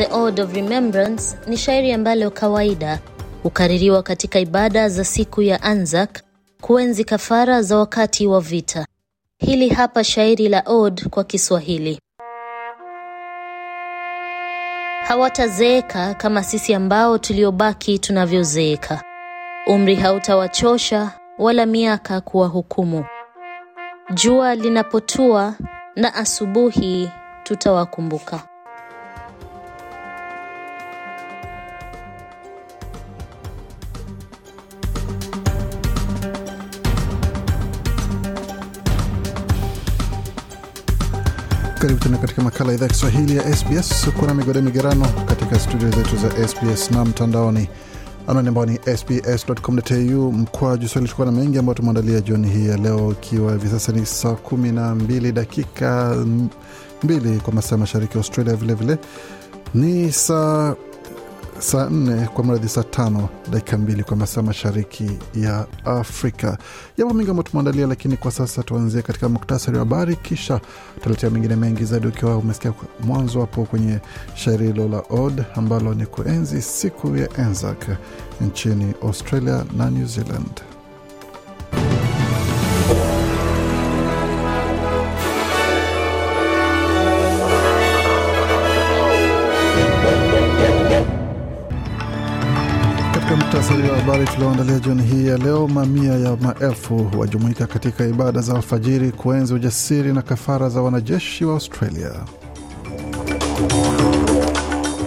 The Ode of Remembrance ni shairi ambalo kawaida hukaririwa katika ibada za siku ya Anzac kuenzi kafara za wakati wa vita. Hili hapa shairi la Ode kwa Kiswahili. Hawatazeeka kama sisi ambao tuliobaki tunavyozeeka. Umri hautawachosha wala miaka kuwahukumu. Jua linapotua na asubuhi tutawakumbuka. Karibu tena katika makala idhaa ya Kiswahili ya SBS. Kuna migode migerano katika studio zetu za SBS na mtandaoni, anwani ambao ni sbs.com.au mkwaju swahili. Tukuwa na mengi ambayo tumeandalia jioni hii ya leo, ikiwa hivi sasa ni saa kumi na mbili dakika mbili kwa masaa ya mashariki ya Australia, vilevile vile ni saa saa nne kwa mradhi saa tano dakika mbili kwa masaa mashariki ya Afrika. Jambo mengi ambayo tumeandalia, lakini kwa sasa tuanzie katika muktasari wa habari, kisha tutaletea mengine mengi zaidi, ukiwa umesikia mwanzo hapo kwenye shairi hilo la Od ambalo ni kuenzi siku ya Anzac nchini Australia na New Zealand. Katika habari tulioandalia jioni hii ya leo, mamia ya maelfu wajumuika katika ibada za alfajiri kuenzi ujasiri na kafara za wanajeshi wa Australia.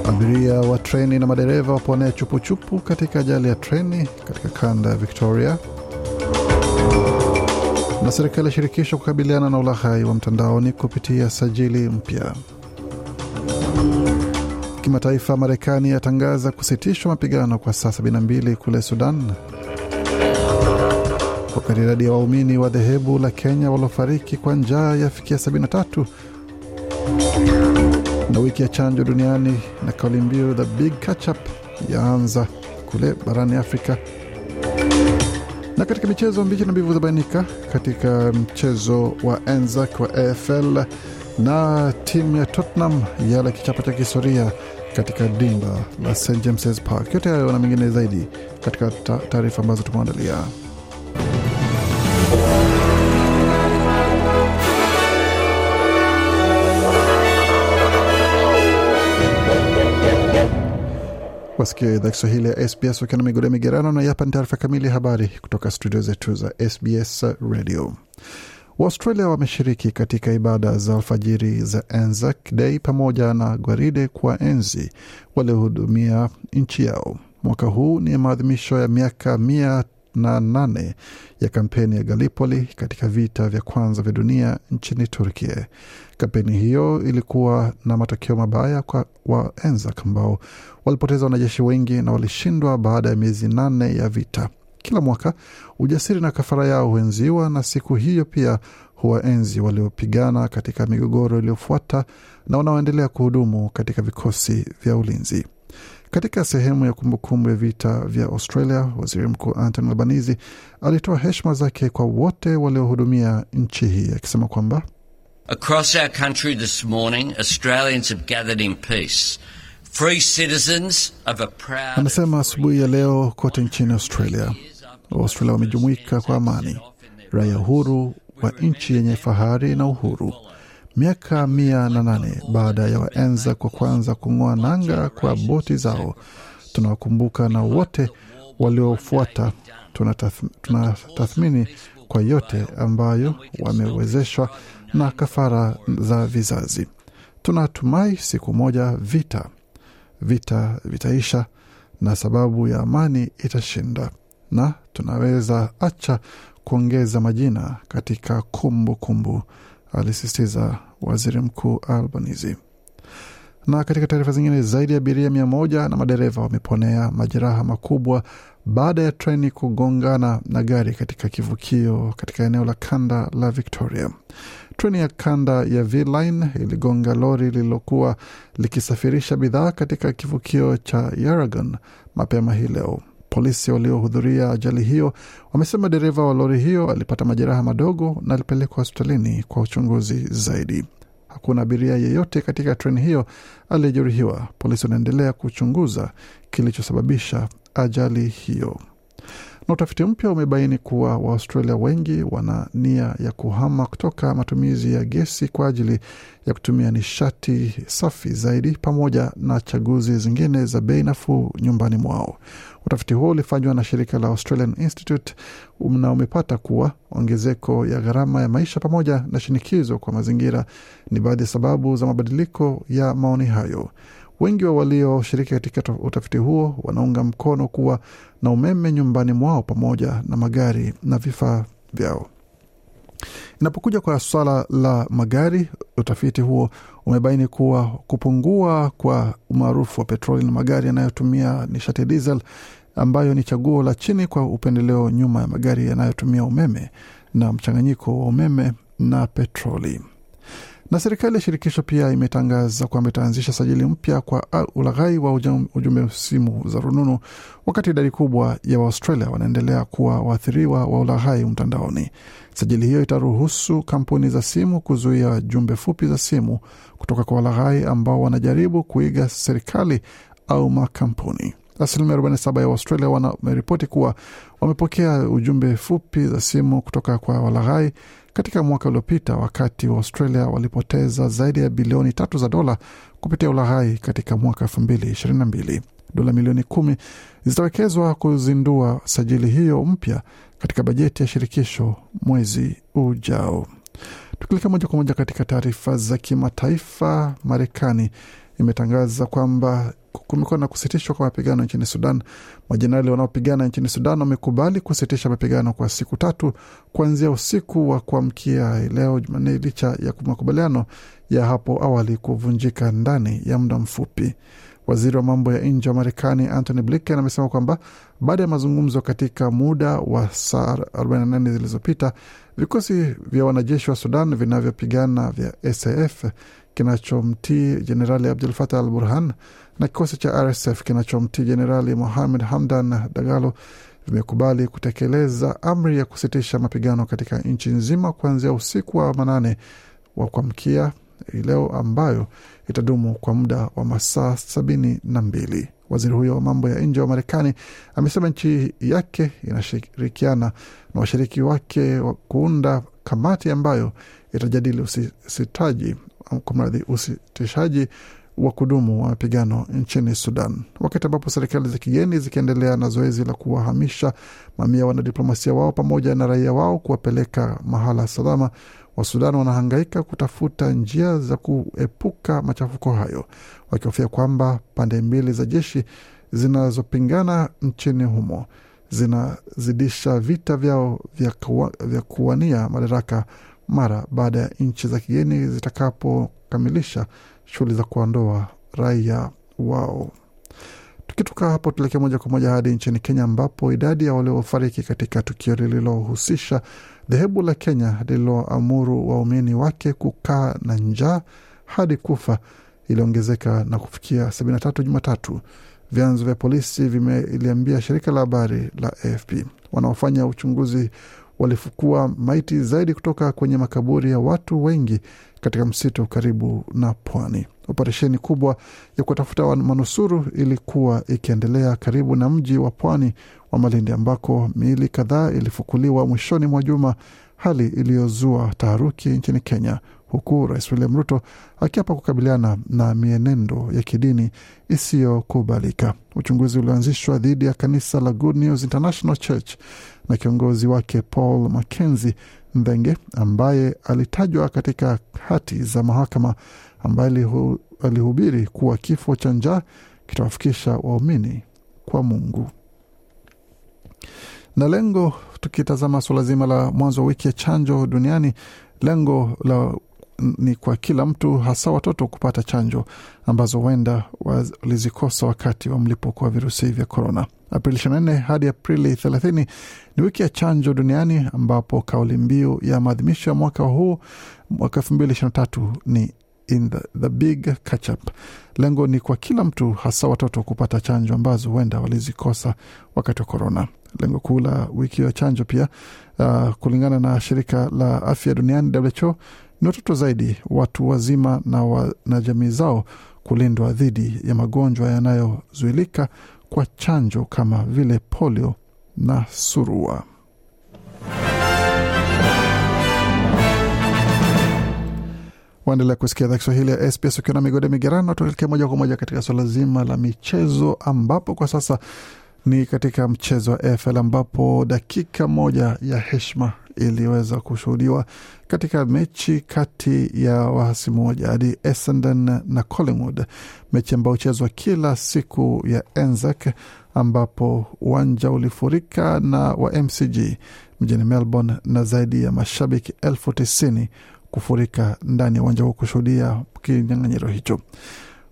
Abiria wa treni na madereva waponea chupuchupu katika ajali ya treni katika kanda ya Victoria. Na serikali ya shirikisho kukabiliana na ulaghai wa mtandaoni kupitia sajili mpya kimataifa, Marekani yatangaza kusitishwa mapigano kwa saa 72 kule Sudan. Wakati idadi ya waumini wa dhehebu la Kenya waliofariki kwa njaa yafikia 73, na wiki ya chanjo duniani na kauli mbiu the big catch up yaanza kule barani Afrika. Na katika michezo, mbichi na mbivu zabainika katika mchezo wa Anzac wa AFL na timu ya Tottenham yala kichapo cha kihistoria katika dimba la St James's Park. Yote hayo na mengine zaidi katika taarifa ambazo tumeandalia. Wasikia idhaa Kiswahili ya SBS wakiwa na migode migerano, na hapa ni taarifa kamili ya habari kutoka studio zetu za SBS Radio waustralia wameshiriki katika ibada za alfajiri za Anzac Day pamoja na gwaride kwa enzi waliohudumia nchi yao. Mwaka huu ni maadhimisho ya miaka mia na nane ya kampeni ya galipoli katika vita vya kwanza vya dunia nchini Turkia. Kampeni hiyo ilikuwa na matokeo mabaya kwa wa Anzac ambao walipoteza wanajeshi wengi na walishindwa baada ya miezi nane ya vita kila mwaka. Ujasiri na kafara yao huenziwa, na siku hiyo pia huwaenzi waliopigana katika migogoro iliyofuata na wanaoendelea kuhudumu katika vikosi vya ulinzi. Katika sehemu ya kumbukumbu ya vita vya Australia, waziri mkuu antony albanizi alitoa heshima zake kwa wote waliohudumia nchi hii akisema kwamba Across our country this morning, Australians have gathered in peace. Free citizens of a proud... Anasema asubuhi ya leo kote nchini Australia Waustralia wamejumuika kwa amani, raia huru wa nchi yenye fahari na uhuru. Miaka mia na nane baada ya waenza kwa kwanza kung'oa nanga kwa boti zao, tunawakumbuka na wote waliofuata tunatathmini kwa yote ambayo wamewezeshwa na kafara za vizazi. Tunatumai siku moja vita vita vitaisha na sababu ya amani itashinda na tunaweza acha kuongeza majina katika kumbukumbu kumbu, alisisitiza waziri mkuu Albanese. Na katika taarifa zingine, zaidi ya abiria mia moja na madereva wameponea majeraha makubwa baada ya treni kugongana na gari katika kivukio katika eneo la kanda la Victoria. Treni ya kanda ya V-Line iligonga lori lililokuwa likisafirisha bidhaa katika kivukio cha Yarragon mapema hii leo. Polisi waliohudhuria ajali hiyo wamesema dereva wa lori hiyo alipata majeraha madogo na alipelekwa hospitalini kwa uchunguzi zaidi. Hakuna abiria yeyote katika treni hiyo aliyejeruhiwa. Polisi wanaendelea kuchunguza kilichosababisha ajali hiyo. Na utafiti mpya umebaini kuwa Waaustralia wengi wana nia ya kuhama kutoka matumizi ya gesi kwa ajili ya kutumia nishati safi zaidi, pamoja na chaguzi zingine za bei nafuu nyumbani mwao. Utafiti huo ulifanywa na shirika la Australian Institute na umepata kuwa ongezeko ya gharama ya maisha pamoja na shinikizo kwa mazingira ni baadhi ya sababu za mabadiliko ya maoni hayo. Wengi wa walioshiriki katika utafiti huo wanaunga mkono kuwa na umeme nyumbani mwao pamoja na magari na vifaa vyao. Inapokuja kwa swala la magari, utafiti huo umebaini kuwa kupungua kwa umaarufu wa petroli na magari yanayotumia nishati diesel, ambayo ni chaguo la chini kwa upendeleo, nyuma ya magari yanayotumia umeme na mchanganyiko wa umeme na petroli. Na serikali ya shirikisho pia imetangaza kwamba itaanzisha sajili mpya kwa ulaghai wa ujumbe simu za rununu, wakati idadi kubwa ya Waaustralia wanaendelea kuwa waathiriwa wa ulaghai mtandaoni. Sajili hiyo itaruhusu kampuni za simu kuzuia jumbe fupi za simu kutoka kwa walaghai ambao wanajaribu kuiga serikali au makampuni. Asilimia 47 ya Australia wameripoti kuwa wamepokea ujumbe fupi za simu kutoka kwa walaghai katika mwaka uliopita, wakati wa Australia walipoteza zaidi ya bilioni tatu za dola kupitia ulaghai katika mwaka elfu mbili ishirini na mbili. Dola milioni kumi zitawekezwa kuzindua sajili hiyo mpya katika bajeti ya shirikisho mwezi ujao. Tukilekea moja kwa moja katika taarifa za kimataifa, Marekani imetangaza kwamba kumekuwa na kusitishwa kwa mapigano nchini Sudan. Majenerali wanaopigana nchini Sudan wamekubali kusitisha mapigano kwa siku tatu kuanzia usiku wa kuamkia leo Jumanne, licha ya makubaliano ya hapo awali kuvunjika ndani ya muda mfupi. Waziri wa mambo ya nje wa Marekani Antony Blinken amesema kwamba baada ya mazungumzo katika muda wa saa 48 zilizopita, vikosi vya wanajeshi wa Sudan vinavyopigana vya SAF kinachomtii Jenerali Abdul Fatah al Burhan na kikosi cha RSF kinachomtii Jenerali Mohamed Hamdan Dagalo vimekubali kutekeleza amri ya kusitisha mapigano katika nchi nzima kuanzia usiku wa manane wa kuamkia leo ambayo itadumu kwa muda wa masaa sabini na mbili. Waziri huyo wa mambo ya nje wa Marekani amesema nchi yake inashirikiana na washiriki wake wa kuunda kamati ambayo itajadili usisitaji mradhi usitishaji wa kudumu wa mapigano nchini Sudan, wakati ambapo serikali za kigeni zikiendelea na zoezi la kuwahamisha mamia wanadiplomasia wao pamoja na raia wao kuwapeleka mahala salama. Wasudan wanahangaika kutafuta njia za kuepuka machafuko hayo, wakihofia kwamba pande mbili za jeshi zinazopingana nchini humo zinazidisha vita vyao vya kuwania madaraka mara baada ya nchi za kigeni zitakapokamilisha shughuli za kuondoa raia wao. Tukitoka hapo tuelekee moja kwa moja hadi nchini Kenya, ambapo idadi ya waliofariki katika tukio lililohusisha dhehebu la Kenya lililoamuru waumini wake kukaa na njaa hadi kufa iliongezeka na kufikia 73 Jumatatu, vyanzo vya polisi vimeliambia shirika la habari la AFP. Wanaofanya uchunguzi walifukua maiti zaidi kutoka kwenye makaburi ya watu wengi katika msitu karibu na pwani. Operesheni kubwa ya kuwatafuta manusuru ilikuwa ikiendelea karibu na mji wa pwani wa Malindi, ambako miili kadhaa ilifukuliwa mwishoni mwa juma, hali iliyozua taharuki nchini Kenya huku Rais William Ruto akiapa kukabiliana na mienendo ya kidini isiyokubalika. Uchunguzi ulioanzishwa dhidi ya kanisa la Good News International Church na kiongozi wake Paul makenzi Mdhenge ambaye alitajwa katika hati za mahakama ambaye alihubiri kuwa kifo cha njaa kitawafikisha waumini kwa Mungu na lengo, tukitazama suala zima la mwanzo wa wiki ya chanjo duniani, lengo la ni kwa kila mtu, hasa watoto kupata chanjo ambazo huenda walizikosa wakati wa mlipuko wa virusi vya korona. Aprili 24 hadi Aprili 30 ni wiki ya chanjo duniani, ambapo kauli mbiu ya maadhimisho ya mwaka huu mwaka 2023 ni in the, the big catch up. Lengo ni kwa kila mtu, hasa watoto kupata chanjo ambazo huenda walizikosa wakati wa korona. Lengo kuu la wiki ya chanjo pia, uh, kulingana na shirika la afya duniani WHO, ni watoto zaidi, watu wazima na, wa, na jamii zao kulindwa dhidi ya magonjwa yanayozuilika kwa chanjo kama vile polio na surua. Waendelea kusikia idhaa Kiswahili ya SBS ukiwa na migode migerano. Tuelekee moja kwa moja katika suala zima la michezo, ambapo kwa sasa ni katika mchezo wa AFL ambapo dakika moja ya heshima iliweza kushuhudiwa katika mechi kati ya wahasimu wa jadi Essendon na Collingwood, mechi ambayo huchezwa kila siku ya Anzac, ambapo uwanja ulifurika na wa MCG mjini Melbourne na zaidi ya mashabiki elfu tisini kufurika ndani ya uwanja huo kushuhudia kinyang'anyiro hicho.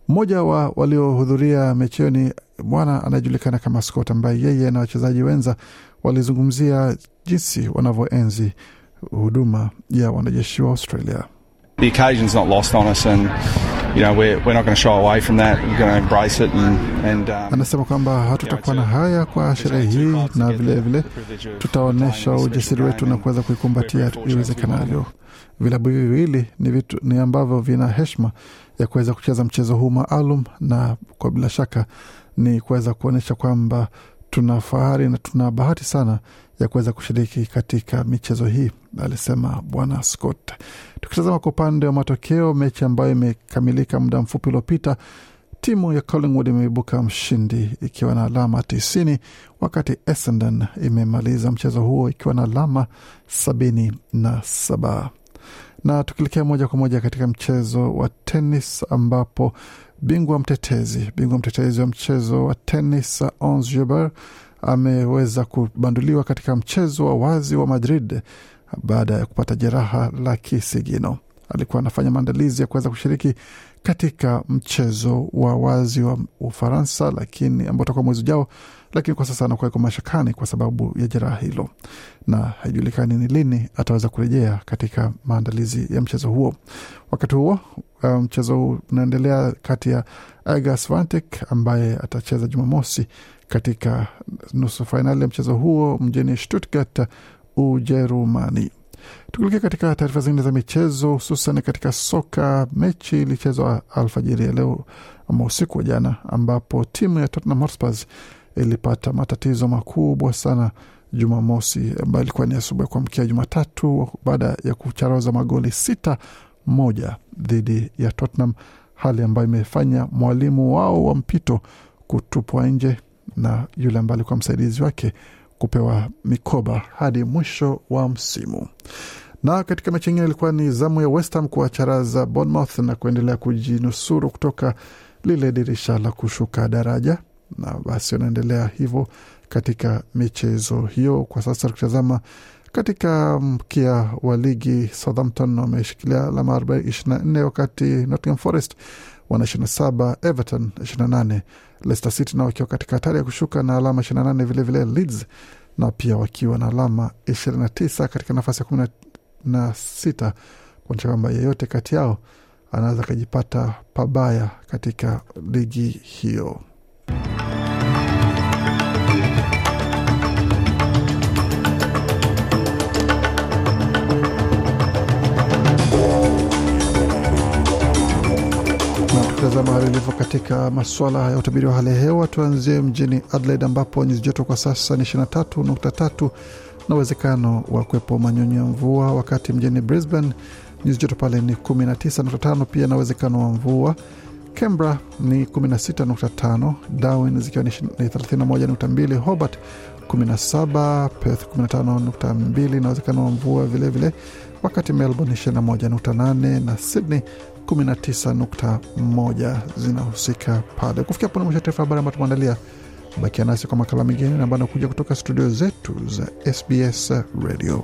Mmoja wa waliohudhuria mechi hiyo ni bwana anayejulikana kama Scott, ambaye yeye na wachezaji wenza walizungumzia jinsi wanavyoenzi huduma ya wanajeshi wa Australia. The occasion's not lost on us and you know, we're, we're not going to shy away from that. We're going to embrace it. And, and, um, anasema kwamba hatutakuwa na haya kwa sherehe hii na vilevile tutaonyesha ujasiri wetu na kuweza kuikumbatia iwezekanavyo. Vilabu hivi viwili ni vitu ni ambavyo vina heshima ya kuweza kucheza mchezo huu maalum, na kwa bila shaka ni kuweza kuonyesha kwamba tuna fahari na tuna bahati sana ya kuweza kushiriki katika michezo hii, alisema Bwana Scott. Tukitazama kwa upande wa matokeo, mechi ambayo imekamilika muda mfupi uliopita, timu ya Collingwood imeibuka mshindi ikiwa na alama tisini wakati Essendon imemaliza mchezo huo ikiwa na alama sabini na saba na tukielekea moja kwa moja katika mchezo wa tenis ambapo bingwa mtetezi. Bingwa mtetezi wa mchezo wa tenis Ons Jabeur ameweza kubanduliwa katika mchezo wa wazi wa Madrid baada ya kupata jeraha la kisigino alikuwa anafanya maandalizi ya kuweza kushiriki katika mchezo wa wazi wa Ufaransa lakini ambao utakuwa mwezi ujao, lakini kwa sasa anakuwa iko mashakani kwa sababu ya jeraha hilo, na haijulikani ni lini ataweza kurejea katika maandalizi ya mchezo huo. Wakati huo uh, mchezo um, huu unaendelea kati ya Iga Swiatek ambaye atacheza Jumamosi katika nusu fainali ya mchezo huo mjini Stuttgart, Ujerumani. Tukielekea katika taarifa zingine za michezo, hususan katika soka, mechi ilichezwa alfajiri ya leo ama usiku wa jana, ambapo timu ya Tottenham Hotspur ilipata matatizo makubwa sana Jumamosi, ambayo ilikuwa ni asubuhi ya kuamkia Jumatatu, baada ya kucharoza magoli sita moja dhidi ya Tottenham, hali ambayo imefanya mwalimu wao wa mpito kutupwa nje na yule ambaye alikuwa msaidizi wake kupewa mikoba hadi mwisho wa msimu. Na katika mechi ingine ilikuwa ni zamu ya West Ham kuwacharaza Bournemouth na kuendelea kujinusuru kutoka lile dirisha la kushuka daraja, na basi wanaendelea hivyo katika michezo hiyo. Kwa sasa tukitazama katika mkia wa ligi, Southampton wameshikilia alama 24 wakati Nottingham Forest wana 27, Everton 28, Leicester City nao wakiwa katika hatari ya kushuka na alama 28, vilevile Leeds na pia wakiwa na alama 29 katika nafasi ya kumi na sita kuonyesha kwamba yeyote kati yao anaweza akajipata pabaya katika ligi hiyo. Tukitazama hali ilivyo katika masuala ya utabiri wa hali ya hewa, tuanzie mjini Adelaide ambapo nyuzi joto kwa sasa ni 23.3 na uwezekano wa kuwepo manyunyu ya mvua, wakati mjini Brisbane nyuzi joto pale ni 19.5 pia na uwezekano wa mvua. cambra ni 16.5, Darwin zikiwa ni 31.2, Hobart 17, Perth 15.2 na uwezekano wa mvua vilevile, wakati Melbourne 21.8 na Sydney 19.1 zinahusika pale. Kufikia punde mwisho taarifa habari ambayo tumeandalia. Bakia nasi kwa makala mengine ambayo anakuja kutoka studio zetu za SBS Radio.